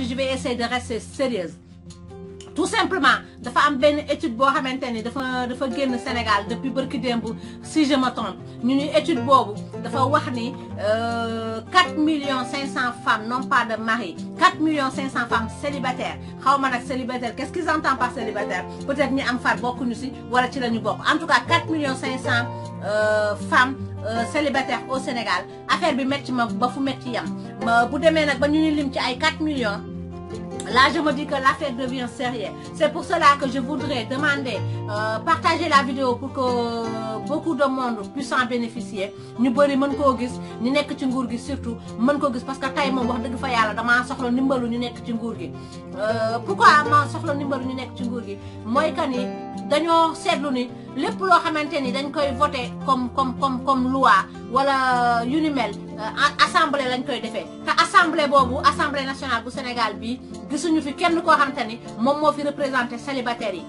je vais essayer de rester sérieuse tout simplement de am benn étude boo xamante ni dafa dafa génn Sénégal depuis burkidembo si je me trompe ñu ni étude boobu dafa wax ni 4 euh, millions 500 femmes non pas de mari 4 millions 500 femmes célibataires xaw ma célibataire qu'est-ce qu'ils entendent par célibataire peut-être ñi am far nous si wala ci la bokk en tout cas 4 millions 500 euh, femmes euh, célibataire au Sénégal affaire bi metti ma ba fu yam bu 4 millions Là, je me dis que l'affaire devient sérieuse. C'est pour cela que je voudrais demander, euh, partager la vidéo pour que euh, beaucoup de monde puissent en bénéficier. ñu nous faire des ñu surtout nous ko parce que pas wax dëgg fa euh, pourquoi ma avons ñu ci nguur que ni dañoo Nous ni comme comme comme loi ou Euh, assemblée lañ koy defee te assemblée boobu assemblée nationale bu Sénégal bi gisuñu fi kenn koo xamante ni moom moo fi représenté célibataires yi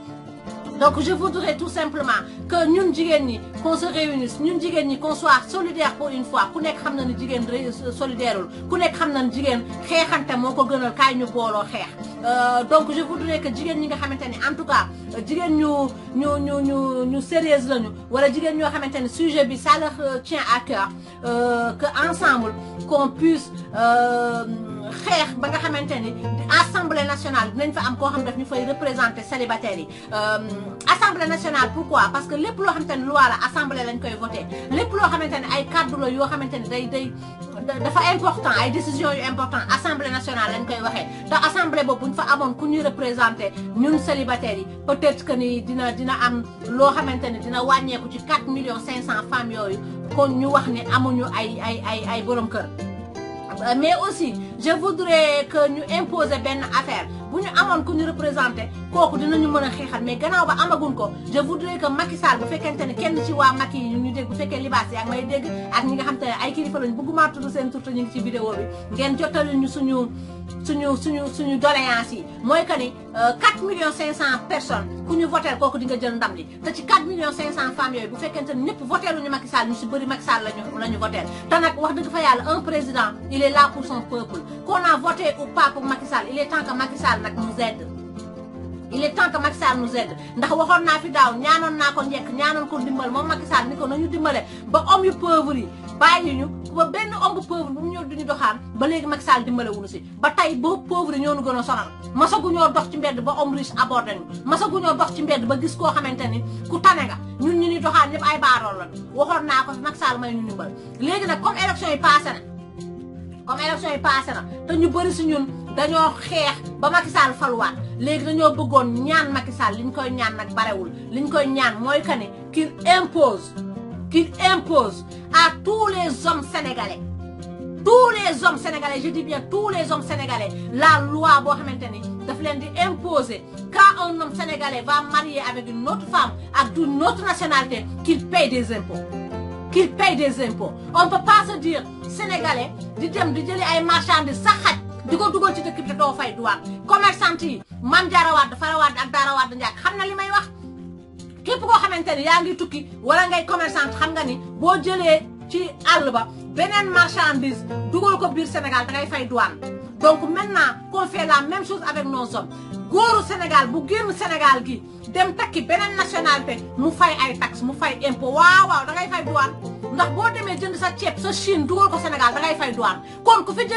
donc je voudrais tout simplement que ñun jigéen qu'on se réunisse ñun jigéen qu'on soit solidaire pour une fois ku nek xam na ne jigéen euh, solidaire ku nek xam na ne jigéen xeexante gënal kay ñu xéx. Euh, donc je voudrais que jigéen ñi nga xamante en tout cas euh, jigéen ñu ñu ñu ñu ñu sérieuse lañu wala jigéen ñoo xamante sujet bi ça leur euh, tient à cœur que ensemble qu'on puisse xeex ba nga xamante ni assemblée nationale dinañ fa am koo xam daf ñu fay représenter célibataires yi euh, assemblée nationale pourquoi parce que lépp loo xamante ni loi la assemblée lañ koy voté lépp loo xamante ni ay kàddu la yoo xamante ni day day dafa important ay décision yu important assemblée nationale lañ koy waxee te assemblée boobu buñ fa amoon ku ñu représenter ñun célibataires yi peut-être que ni dina dina am loo xamante ni dina wàññeeku ci 4 millions 500 femmes yooyu kon ñu wax ne amuñu ay ay ay ay borom kër euh, mais aussi je voudrais que nous imposions une affaire bu ñu ku ñu représenté dinañu mëna xéxal mais ba amagun ko je voudrais que Macky Sall bu ne kenn ci wa Macky ñu dégg bu les libaas yaa may dégg ak ñi nga xam Nous ay kilifa lañu bëgguma tuddu seen tur ñi ci vidéo bi ngeen ñu suñu suñu suñu suñu doléance yi 4 euh, millions personnes ku voter koko kooku di nga jël ndam li te ci 4 millions 500 femmes yooyu bu fekkente ñep ñëpp ñu Macky Sall ñu si bëri Macky Sall lañu la ñu voté te nag wax dëgg fa yàlla un président il est là pour son peuple qu'on a voté ou pas pour Macky Sall il est temps que Macky Sall nak nous aide il est temps que Macky Sall ndax waxoon naa fi daaw ñaanoon naa ko njëkk ñaanoon ko dimbal moom Macky ni ko nañu dimbale ba homme yu pauvre yi bàyyi ñu ba benn homme bu pauvre bu mu duñu doxaan ba léegi Macky Sall dimbale si ba tey ba pauvre ñoo ñu gën a sonal masagu ñoo dox ci mbedd ba homme riche abordé ñu masagu ñoo dox ci mbedd ba gis koo xamante ni ku tane nga ñun ñu doxaan ñëpp ay baarool la naa ko Macky Sall may ñu dimbal léegi nag comme élection dañoo xeex ba Macky Sall faluwaat léegi dañoo bëggoon ñaan Macky Sall liñ koy ñaan nag barewul liñ koy ñaan mooy que ne qu'il impose qu'il impose à tous les hommes sénégalais tous les hommes sénégalais je dis bien tous les hommes sénégalais la loi boo xamante ni daf di imposer quand un homme sénégalais va marier avec une autre femme ak d'une autre nationalité qu'il paye des impôts qu'il paye des impôts on ne peut pas se dire sénégalais di dem di jëli ay marchandises de xaj di ko dugal ci dëkk bi te doo fay duwaat commerçant yi Mame Diarra Wade Fara Wade ak Daara Wade xam na li may wax képp koo xamante ni yaa ngi tukki wala ngay commerçant xam nga ni boo jëlee ci àll ba beneen marchandise dugal ko biir Sénégal da ngay fay douane donc maintenant qu'on fait la même chose avec nos góoru Sénégal bu génn Sénégal gi dem takki beneen nationalité mu fay ay taxe mu fay impôt waaw waaw dangay ngay fay douane ndax boo demee jënd sa ceeb sa dugal ko Sénégal da ngay fay douane kon ku fi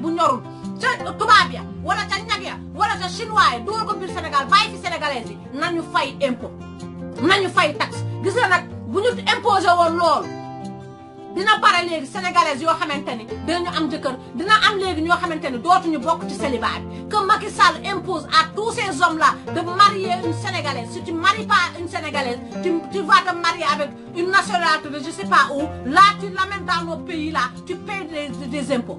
bu ñorul ca tubaab wala ca ñag wala ca chinois ya dóor ko biir Sénégal bàyyi fi sénégalais yi nañu fay impôt nañu fay taxe gis nga nak buñu imposé woon loolu dina bare léegi sénégalais yo xamanteni ni dinañu am jëkkër dina am légui ño xamanteni ni dootuñu bokk ci célibat que Macky Sall impose à tous ces hommes là de marier une sénégalaise si tu maries pas une sénégalaise tu tu vas te marier avec une nationalité de je sais pas où là tu l'amènes dans nos pays là tu payes des impôts.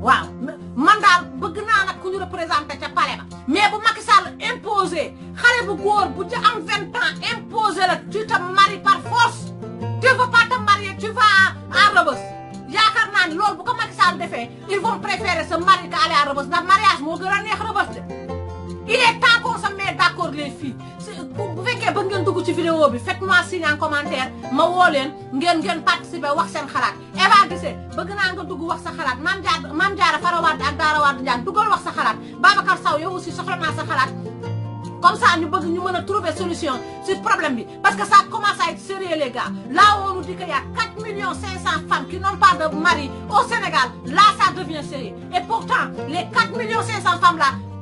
waaw man daal bëgg naa ku ñu représenté ca palais ba mais bu Macky imposé xale bu góor bu ci am imposé la tu te maries par force tu veux pas te marier tu vas à Rebeuss yaakaar naa ni loolu bu ko Macky defee ils vont préférer se marier que aller à Rebeuss ndax mariage moo gën a neex Rebeuss de il est temps qu'on se mette d'accord les ngeen dugg ci vidéo bi faites-moi signe en commentaire ma woo leen ngeen ngeen participer wax seen xalaat Eva Guissé bëgg naa nga dugg wax sa xalaat Mame Diarra Mame Diarra Farawaad ak Daara Waad Diagne duggal wax sa xalaat Babacar Sow yow aussi soxla naa sa xalaat comme ça ñu bëgg ñu mën a trouver solution sur problème bi parce que ça commence à être sérieux les gars là on nous dit qu'il y a 4 millions 500 de mari au Sénégal là ça devient sérieux et pourtant les 4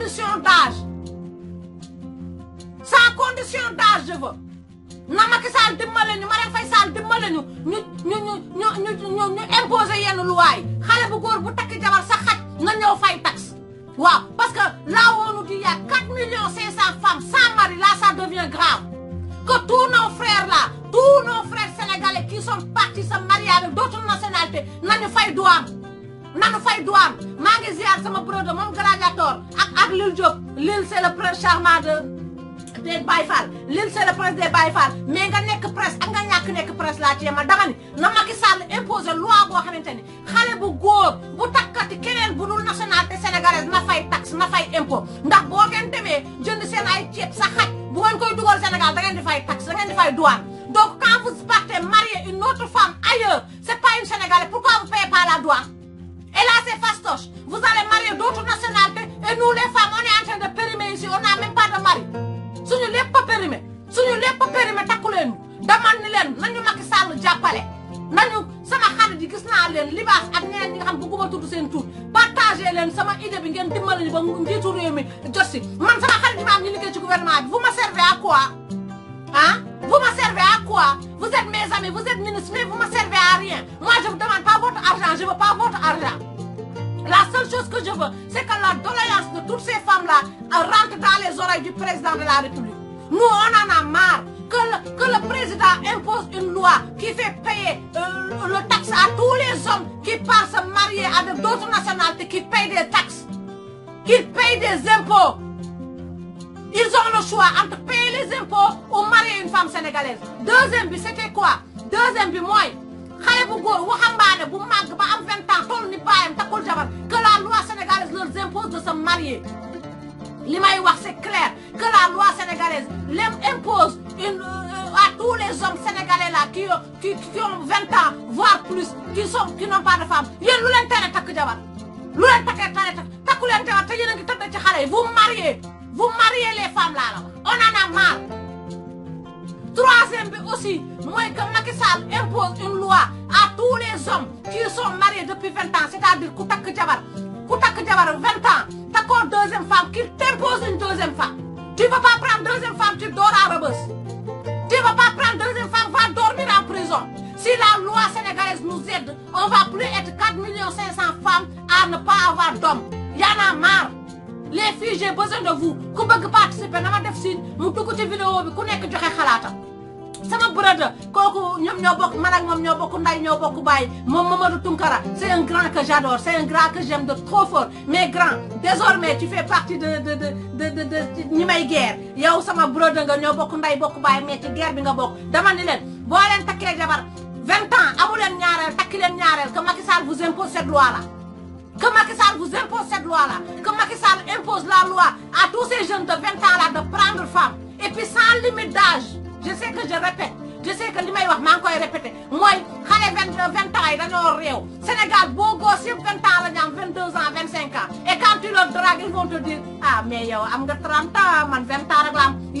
condition d'âge sans condition d'âge je veux na Macky Sall dimbale ñu Marème Faye Sall dimbale ñu ñu ñu ñu ñu ñu imposé yenn luwaay xale bu góor bu takk jabar sa xaj nga ñëw fay taxe waaw parce que là woonu di y'a quatre millions 500 cent femmes sans mari là ça devient grave que tous nos frères là tous nos frères sénégalais qui sont partis se marier avec d'autres nationalités nañu fay douane nañu fay douane maa ngi ziar sama brode moom gladiateur ak ak job Diop c'est le prince charmant de des Baye c'est le prince des Baye mais nga nek presse ak nga ñak nek prince la ci La dama ni na Macky Sall imposé loi boo xamante xalé bu goor bu takati keneen bu dul nationalité sénégalaise na fay taxe na fay impôt ndax bo gën démé jënd seen ay ceeb sa xat bu ngeen koy dugal Sénégal da ngeen di fay taxe da ngeen di fay douane donc quand vous partez marier une autre femme ailleurs c'est pas une sénégalaise pourquoi vous payez pas la douane et là c'est fastoche vous allez marier d'autres nationalités njiitu mais je suis... gouvernement vous me servez à quoi Hein vous me servez à quoi vous êtes mes amis vous êtes ministres mais vous me servez à rien moi je vous demande pas votre argent je veux pas votre argent la seule chose que je veux c'est que la doléance de toutes ces femmes là rentre dans les oreilles du président de la République nous on en a marre que le, président impose une loi qui fait payer euh, le taxe à tous les hommes qui partent se marier à d'autres nationalités qui payent des taxes qu'ils payent des impôts. Ils ont le choix entre payer les impôts ou marier une femme sénégalaise. Deuxième but, c'était quoi Deuxième but, moi, bu waxambaane bu ans ni que la loi sénégalaise leur impose de se marier L'image wax c'est clair que la loi sénégalaise impose euh, à tous les hommes sénégalais là qui qui ont 20 ans voire plus qui sont qui n'ont pas de femme Il y a l'intérêt takk jabar lu vous mariez vous mariez les femmes là on en a marre troisième aussi moi que Macky Sall impose une loi à tous les hommes qui sont mariés depuis 20 ans c'est-à-dire que takk jabar ku takk jabar vingt ans deuxième femme qui t'impose une deuxième femme tu vas pas prendre deuxième femme tu dors à rebus. tu vas pas prendre deuxième femme va dormir en prison Si la loi sénégalaise nous aide, on va plus être 4 500 000 femmes à ne pas avoir d'hommes y en a marre les filles j'ai besoin de vous Vous bëgg participer na ma def si mu dugg ci vidéo bi ku nekk joxe xalaatam sama brother kooku ñoom ñoo bokk man ak moom ñoo bokk nday ñoo bokk baay moom Mamadou Tunkara c'est un grand que j'adore c'est un grand que j'aime de trop fort mais grand désormais tu fais partie de de de de de de, ñi may guerre yow sama brother nga ñoo bokk nday bokk baay mais ci guerre bi nga bokk dama ni leen boo leen takkee jabar 20 ans amu leen ñaareel takki leen ñaareel que Macky Sall vous impose cette loi là que Macky vous impose cette loi-là, que Macky impose la loi à tous ces jeunes de 20 ans-là de prendre femme, et puis sans limite d'âge. Je sais que je répète, je sais que l'imaïwa m'a encore répété. Moi, quand j'ai 20, 20 ans, en a rien. Sénégal, beau gosse, 20 ans, là, 22 ans, 25 ans. Et quand tu leur dragues, ils vont te dire Ah, mais yo, j'ai 30 ans, j'ai 20 ans, j'ai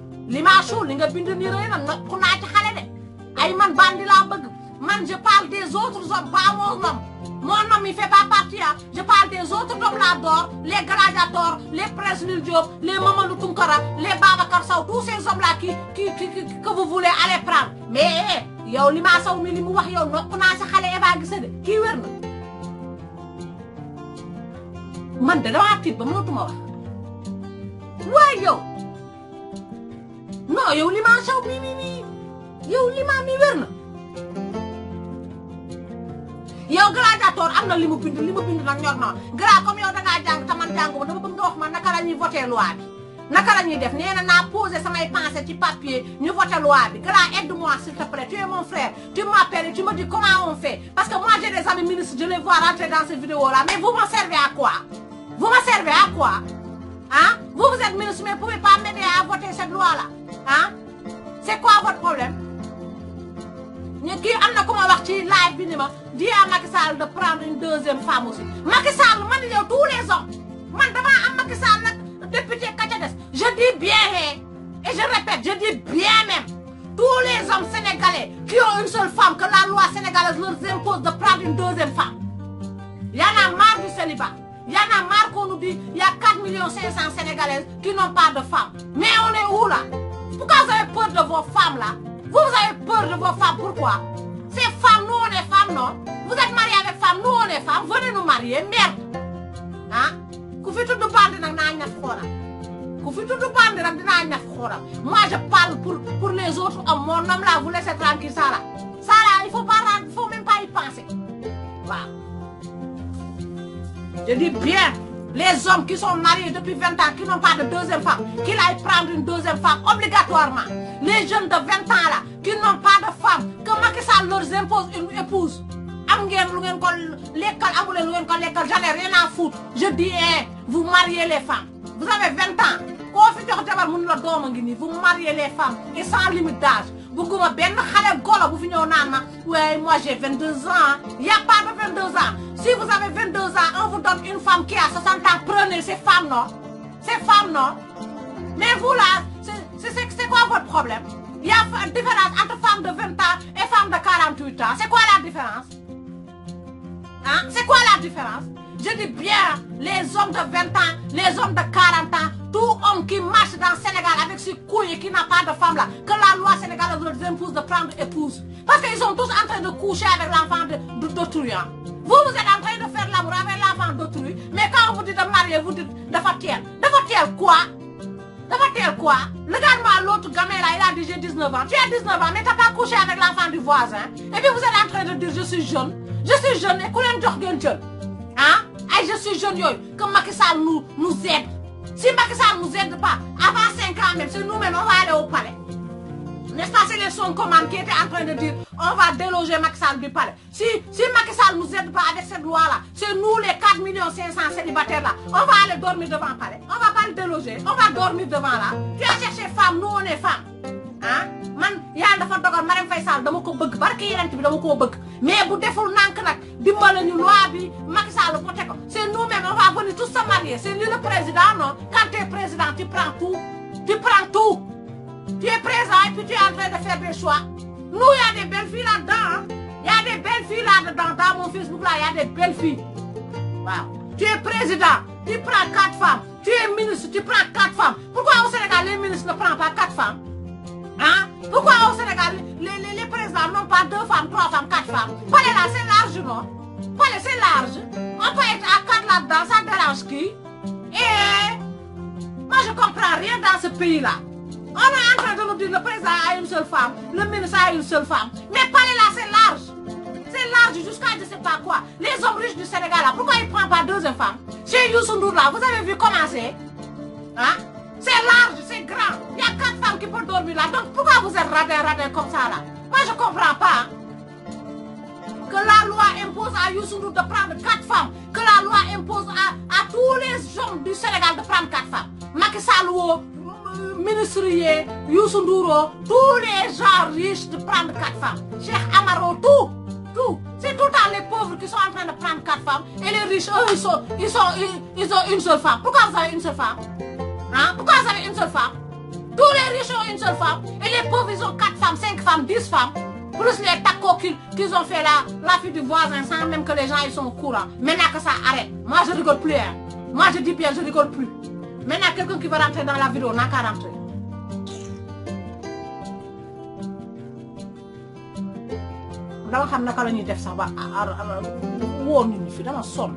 Limassou li nga bind nii rëy na nokku naa de ay man bandi laa bëgg man je parle des autres hommes pas mon homme mon homme il fait pas partie ah je parle des autres hommes laa door les gladiateurs les Prince Lul Tunkara les Babacar Sow tous ces hommes là qui qui qui que vous voulez aller prendre mais eh, yow Limassou mi li mu wax yow na man de damaa tiit ba mënatuma wax waaye yow. non oh, yow li ma saw mi mi mi yow li ma mi wér na yow na bind limu bind nak ñorna gra comme yow nga jang te man jàngu ma dama bëgg nga wax ma naka la voter loi bi naka lañuy def na poser samay pensées ci papier ñu voter loi bi aide-moi s'il te plaît tu es mon frère tu m'appelles et tu me dis comment on fait parce que moi j'ai des amis ministres je les vois rentrer dans cette vidéo là mais vous m'en servez à quoi vous m'en servez à quoi Hein? vous vous êtes ministre mais vous pouvez pas m'aider à voter cette loi là Hein? c'est quoi votre problème Qui a Macky Sall de prendre une deuxième femme aussi Macky Sall man tous les hommes député je dis bien et je répète je dis bien même tous les hommes sénégalais qui ont une seule femme que la loi sénégalaise leur impose de prendre une deuxième femme Il y en a marre du célibat Il y en a marre qu'on nous dit il y a 4 500 000 sénégalaises qui n'ont pas de femme mais on est où là pourquoi vous avez peur de vos femmes là Vous, avez peur de vos femmes, pourquoi Ces femmes, nous on est femmes, non Vous êtes mariés avec femmes, nous on est femmes, venez nous marier, merde Hein ku fi tudd bandi nag Vous faites toutes de fi moi je parle pour pour les autres hommes mon homme là vous laissez tranquille ça là ça là il faut pas il faut même pas y penser Voilà. je dis bien les hommes qui sont mariés depuis 20 ans, qui n'ont pas de deuxième femme, qu'il aille prendre une deuxième femme obligatoirement. Les jeunes de 20 ans là, qui n'ont pas de femme, que ça leur impose une épouse. j'en ai rien à foutre je dis eh, vous mariez les femmes vous avez 20 ans vous mariez les femmes et sans limite d'âge vous avez moi j'ai 22 ans il n'y a pas de 22 ans si vous avez 22 ans on vous donne une femme qui a 60 ans prenez ces femmes non ces femmes non mais vous là c'est quoi votre problème Il y a une différence entre femme de 20 ans et femme de 48 ans c'est quoi la différence hein? c'est quoi la différence je dis bien les hommes de 20 ans les hommes de 40 ans tout homme qui marche dans le Sénégal avec ses couilles et qui n'a pas de femme là, que la loi sénégalaise vous impose de prendre épouse. Parce qu'ils sont tous en train de coucher avec l'enfant d'autrui. Hein. Vous, vous êtes en train de faire l'amour avec l'enfant d'autrui, mais quand on vous dites de marier, vous dites de faire De faire quoi De faire quoi Regarde-moi l'autre gamin là, il a dit j'ai 19 ans. Tu as 19 ans, mais tu n'as pas couché avec l'enfant du voisin. Et puis vous êtes en train de dire je suis jeune. Je suis jeune et couleur de jeune. Hein? Et je suis jeune, que Macky nous, nous aide. Si Macky Sall nous aide pas, avant 5 ans même, c'est nous-mêmes, on va aller au palais. N'est-ce pas, c'est les sons qui étaient en train de dire on va déloger Macky Sall du palais. Si, si Macky Sall nous aide pas avec cette loi-là, c'est nous les 4 500 célibataires-là. On va aller dormir devant le palais. On va pas le déloger. On va dormir devant là. Tu as cherché femme, nous on est femme. Il hein? man a des dogal de Faye Sall dama ko bëgg barke yeneen bi dama koo bëgg mais bu deful nànk nag dimbala loi Macky Sall tout tous se C'est lui le président, non Quand tu es président, tu prends tout. Tu prends tout. Tu es présent et puis tu es en train de faire des choix. Nous, il y a des belles filles là-dedans. Il hein. y a des belles filles là-dedans. Dans mon Facebook, là, il y a des belles filles. Tu es président, tu prends quatre femmes. Tu es ministre, tu prends quatre femmes. Pourquoi au Sénégal, les ministres ne prennent pas quatre femmes Hein Pourquoi au Sénégal, les, les, les présidents n'ont pas deux femmes, trois femmes, quatre femmes Pas là, c'est large, non c'est large. On peut être à quatre là-dedans, ça qui Et eh, moi, je comprends rien dans ce pays-là. On est en train de nous dire le président a une seule femme, le ministre a une seule femme. Mais parler là, c'est large. C'est large jusqu'à je ne sais pas quoi. Les hommes riches du Sénégal, là, pourquoi ils prennent pas deux femmes Chez Youssou Ndour, là, vous avez vu comment c'est hein? C'est large, c'est grand. Il y a quatre femmes qui peuvent dormir là. Donc pourquoi vous êtes radin, radin comme ça, là Moi, je comprends pas. Hein que la loi impose à Youssou de prendre quatre femmes, que la loi impose à, tous les gens du Sénégal de prendre quatre femmes. Macky Sall euh, Youssou tous les gens riches de prendre quatre femmes. Cheikh Amaro tout tout c'est tout le les pauvres qui sont en train de prendre quatre femmes et les riches eux ils sont ils ont une seule femme. Pourquoi vous avez une seule femme hein? pourquoi vous avez une seule femme tous les riches ont une seule femme et les pauvres ils ont quatre femmes cinq femmes dix femmes. Plus les tacos qu'ils ont fait là, la fille du voisin, sans même que les gens ils sont au courant. Maintenant que ça arrête, moi je rigole plus. Hein. Moi je dis bien, je rigole plus. Maintenant quelqu'un qui va rentrer dans la vidéo n'a qu'à rentrer. pas xam la ça. ça. fait la somme.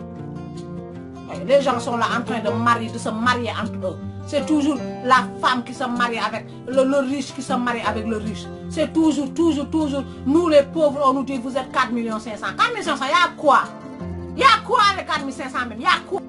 Les gens sont là en train de, marier, de se marier entre eux. C'est toujours la femme qui se marie avec le, riche qui se marie avec le riche. C'est toujours, toujours, toujours. Nous les pauvres, on nous dit vous êtes 4 500 4 500 il y a quoi Il y a quoi les 4 500 Il y a quoi